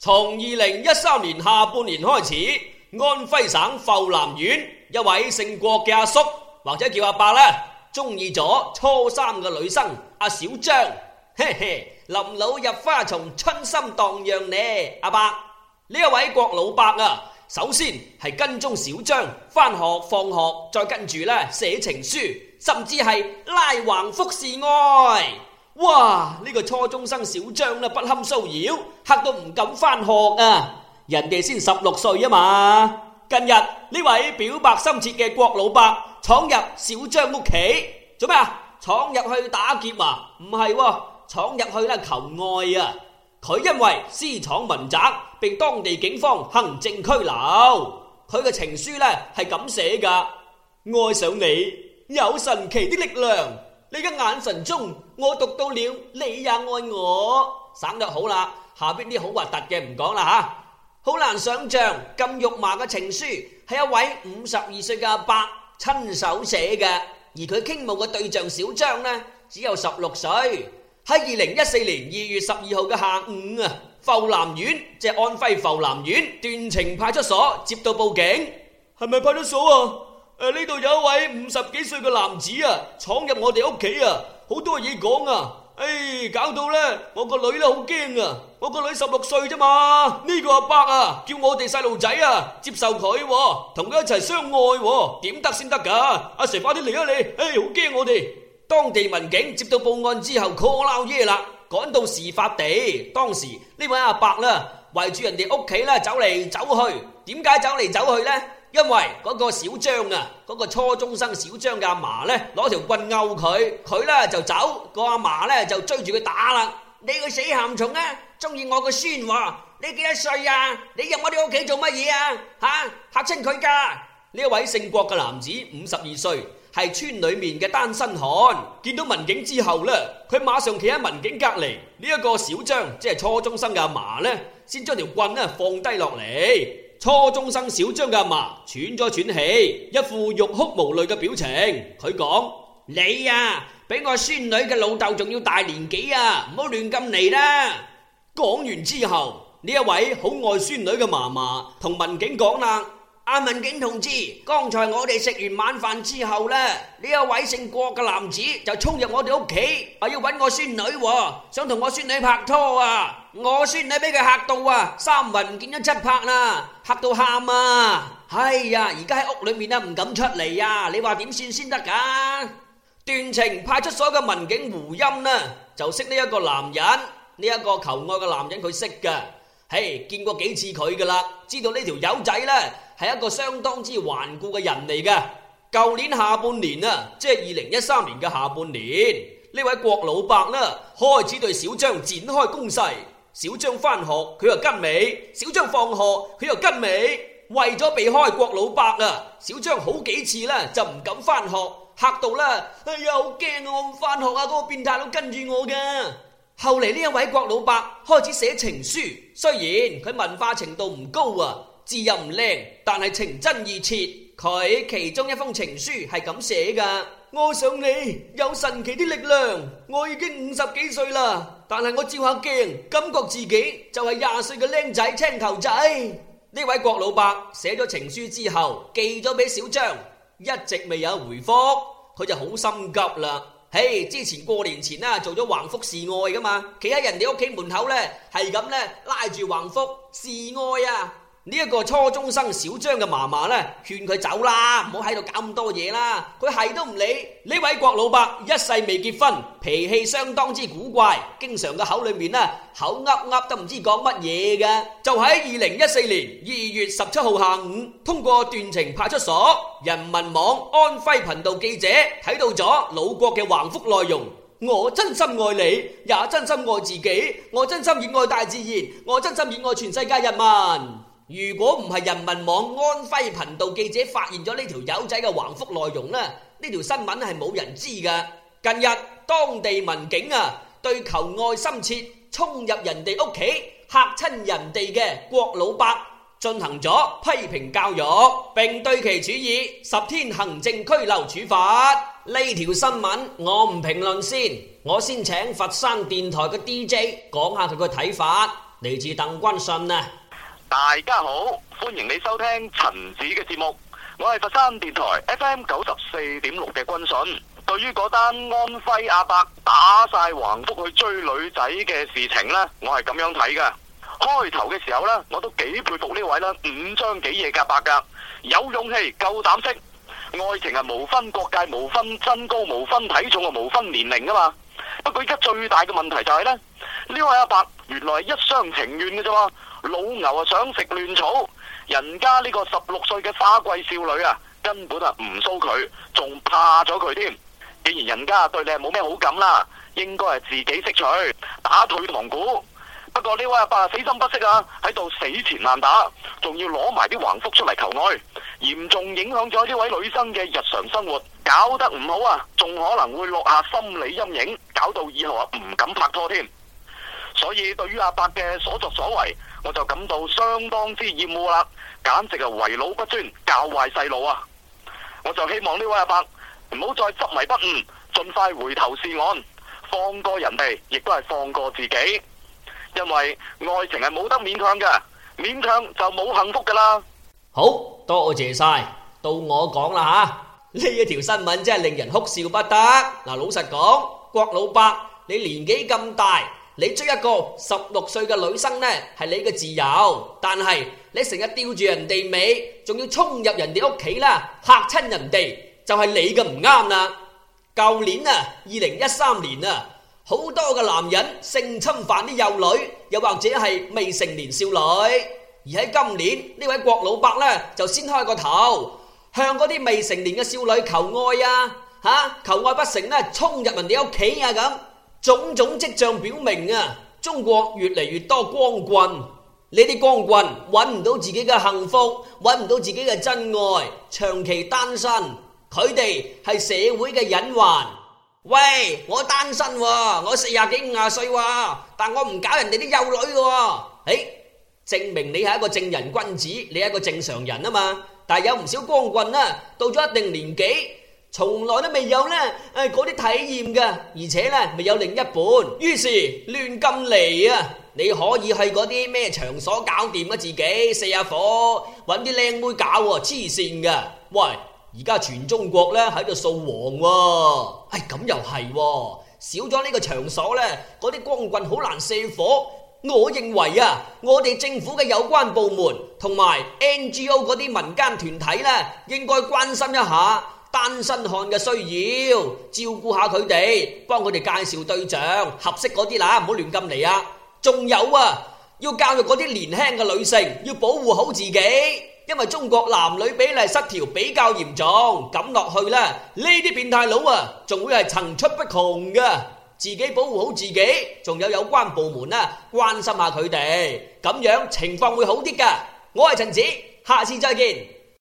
從二零一三年下半年開始，安徽省阜南縣一位姓郭嘅阿叔，或者叫阿伯咧，中意咗初三嘅女生阿小張。嘿嘿，林老入花叢，春心蕩漾呢。阿伯呢一位郭老伯啊，首先係跟蹤小張返學、放學，再跟住咧寫情書，甚至係拉橫幅示愛。哇！呢個初中生小張呢，不堪騷擾，嚇到唔敢翻學啊！人哋先十六歲啊嘛。近日呢位表白心切嘅郭老伯闖入小張屋企做咩啊？闖入去打劫啊？唔係啊，闖入去啦求愛啊！佢因為私闖民宅被當地警方行政拘留。佢嘅情書呢係咁寫噶，愛上你有神奇的力量。你嘅眼神中，我讀到了你也愛我，省得好啦。下邊啲好核突嘅唔講啦吓，好難想象咁肉麻嘅情書係一位五十二歲嘅阿伯親手寫嘅，而佢傾慕嘅對象小張呢只有十六歲。喺二零一四年二月十二號嘅下午啊，阜南縣即係安徽阜南縣段情派出所接到報警，係咪派出所啊？誒，呢度有一位五十幾歲嘅男子啊，闖入我哋屋企啊，好多嘢講啊，誒，搞到咧我個女咧好驚啊，我個女十六歲咋嘛？呢個阿伯啊，叫我哋細路仔啊，接受佢，同佢一齊相愛，點得先得噶？阿 Sir 快啲嚟啊你，誒，好驚我哋。當地民警接到報案之後，call 耶啦，趕到事發地。當時呢位阿伯咧，圍住人哋屋企咧，走嚟走去，點解走嚟走去咧？因為嗰個小張啊，嗰個初中生小張嘅阿嫲咧，攞條棍毆佢，佢咧就走，個阿嫲咧就追住佢打啦。你個死鹹蟲啊，中意我個孫話，你幾多歲啊？你入我哋屋企做乜嘢啊？嚇嚇親佢噶。呢位姓郭嘅男子五十二歲，係村裏面嘅單身漢。見到民警之後咧，佢馬上企喺民警隔籬。呢一個小張即係初中生嘅阿嫲咧，先將條棍咧放低落嚟。初中生小張嘅阿嫲喘咗喘氣，一副欲哭無淚嘅表情。佢講：你呀、啊，比我孫女嘅老豆仲要大年紀啊，唔好亂咁嚟啦！講完之後，呢一位好愛孫女嘅媽媽同民警講啦：阿、啊、民警同志，剛才我哋食完晚飯之後呢，呢一位姓郭嘅男子就衝入我哋屋企，話要搵我孫女，想同我孫女拍拖啊！我算你俾佢吓到啊！三魂見咗七魄啦，吓到喊啊！哎呀，而家喺屋裏面啊，唔敢出嚟啊！你話點算先得噶？斷情派出所嘅民警胡音呢，就識呢一個男人，呢一個求愛嘅男人，佢識噶。嘿，見過幾次佢噶啦，知道呢條友仔呢係一個相當之頑固嘅人嚟噶。舊年下半年啊，即係二零一三年嘅下半年，呢位郭老伯呢開始對小張展開攻勢。小張返學，佢又跟尾；小張放學，佢又跟尾。為咗避開郭老伯啊，小張好幾次咧就唔敢返學，吓到啦！哎呀，好驚啊！我唔返學啊，嗰、那個變態佬跟住我噶。後嚟呢位郭老伯開始寫情書，雖然佢文化程度唔高啊，字又唔靚，但係情真意切。佢其中一封情書係咁寫噶。愛上你有神奇的力量，我已經五十幾歲啦，但係我照下鏡，感覺自己就係廿歲嘅靚仔、青頭仔。呢位郭老伯寫咗情書之後，寄咗俾小張，一直未有回覆，佢就好心急啦。嘿，之前過年前啦，做咗橫幅示愛噶嘛，企喺人哋屋企門口呢，係咁咧，拉住橫幅示愛呀、啊。呢一個初中生小張嘅嫲嫲呢，勸佢走啦，唔好喺度搞咁多嘢啦。佢係都唔理，呢位郭老伯，一世未結婚，脾氣相當之古怪，經常嘅口裏面呢，口噏噏都唔知講乜嘢嘅。就喺二零一四年二月十七號下午，通過斷情派出所人民網安徽頻道記者睇到咗老郭嘅橫幅內容：我真心愛你，也真心愛自己，我真心熱愛大自然，我真心熱愛全世界人民。如果唔係人民網安徽頻道記者發現咗呢條友仔嘅橫幅內容咧，呢條新聞係冇人知噶。近日當地民警啊，對求愛心切衝入人哋屋企吓親人哋嘅郭老伯進行咗批評教育，並對其處以十天行政拘留處罰。呢條新聞我唔評論先，我先請佛山電台嘅 DJ 講下佢個睇法，嚟自鄧君信啊。大家好，歡迎你收聽陳子嘅節目，我係佛山電台 FM 九十四點六嘅軍信。對於嗰單安徽阿伯打晒橫幅去追女仔嘅事情呢，我係咁樣睇嘅。開頭嘅時候呢，我都幾佩服呢位呢五張幾嘢，夾白鴿，有勇氣，夠膽識。愛情係無分國界，無分身高，無分體重，啊，無分年齡啊嘛。不過而家最大嘅問題就係呢，呢位阿伯原來係一廂情願嘅咋嘛。老牛啊想食嫩草，人家呢個十六歲嘅花季少女啊，根本啊唔騷佢，仲怕咗佢添。既然人家對你係冇咩好感啦，應該係自己識趣，打退堂鼓。不過呢位阿伯死心不息啊，喺度死纏爛打，仲要攞埋啲橫幅出嚟求愛，嚴重影響咗呢位女生嘅日常生活，搞得唔好啊，仲可能會落下心理陰影，搞到以後啊唔敢拍拖添。所以對於阿伯嘅所作所為，我就感到相當之厭惡啦，簡直係為老不尊，教壞細路啊！我就希望呢位阿伯唔好再執迷不悟，盡快回頭是岸，放過人哋，亦都係放過自己，因為愛情係冇得勉強嘅，勉強就冇幸福噶啦。好多謝晒，到我講啦吓，呢一條新聞真係令人哭笑不得。嗱，老實講，郭老伯，你年紀咁大。你追一個十六歲嘅女生呢，係你嘅自由。但係你成日吊住人哋尾，仲要衝入人哋屋企啦，嚇親人哋，就係你嘅唔啱啦。舊年啊，二零一三年啊，好多嘅男人性侵犯啲幼女，又或者係未成年少女。而喺今年呢位郭老伯呢，就先開個頭，向嗰啲未成年嘅少女求愛啊，吓求愛不成呢，衝入人哋屋企啊咁。種種跡象表明啊，中國越嚟越多光棍。呢啲光棍揾唔到自己嘅幸福，揾唔到自己嘅真愛，長期單身，佢哋係社會嘅隱患。喂，我單身，我四廿幾五廿歲，但我唔搞人哋啲幼女嘅。誒，證明你係一個正人君子，你係一個正常人啊嘛。但係有唔少光棍啊，到咗一定年紀。從來都未有呢，誒，嗰啲體驗噶，而且呢，未有另一半。於是亂咁嚟啊。你可以去嗰啲咩場所搞掂啊自己，卸下火，揾啲靚妹搞，黐綫噶！喂，而家全中國呢喺度掃黃喎，啊，哎咁又係，少咗呢個場所呢，嗰啲光棍好難卸火。我認為啊，我哋政府嘅有關部門同埋 NGO 嗰啲民間團體呢，應該關心一下。單身漢嘅需要，照顧下佢哋，幫佢哋介紹對象合適嗰啲啦，唔好亂咁嚟啊！仲有啊，要教育嗰啲年輕嘅女性，要保護好自己，因為中國男女比例失調比較嚴重，咁落去啦，呢啲變態佬啊，仲會係層出不窮噶，自己保護好自己，仲有有關部門啊，關心下佢哋，咁樣情況會好啲噶。我係陳子，下次再見。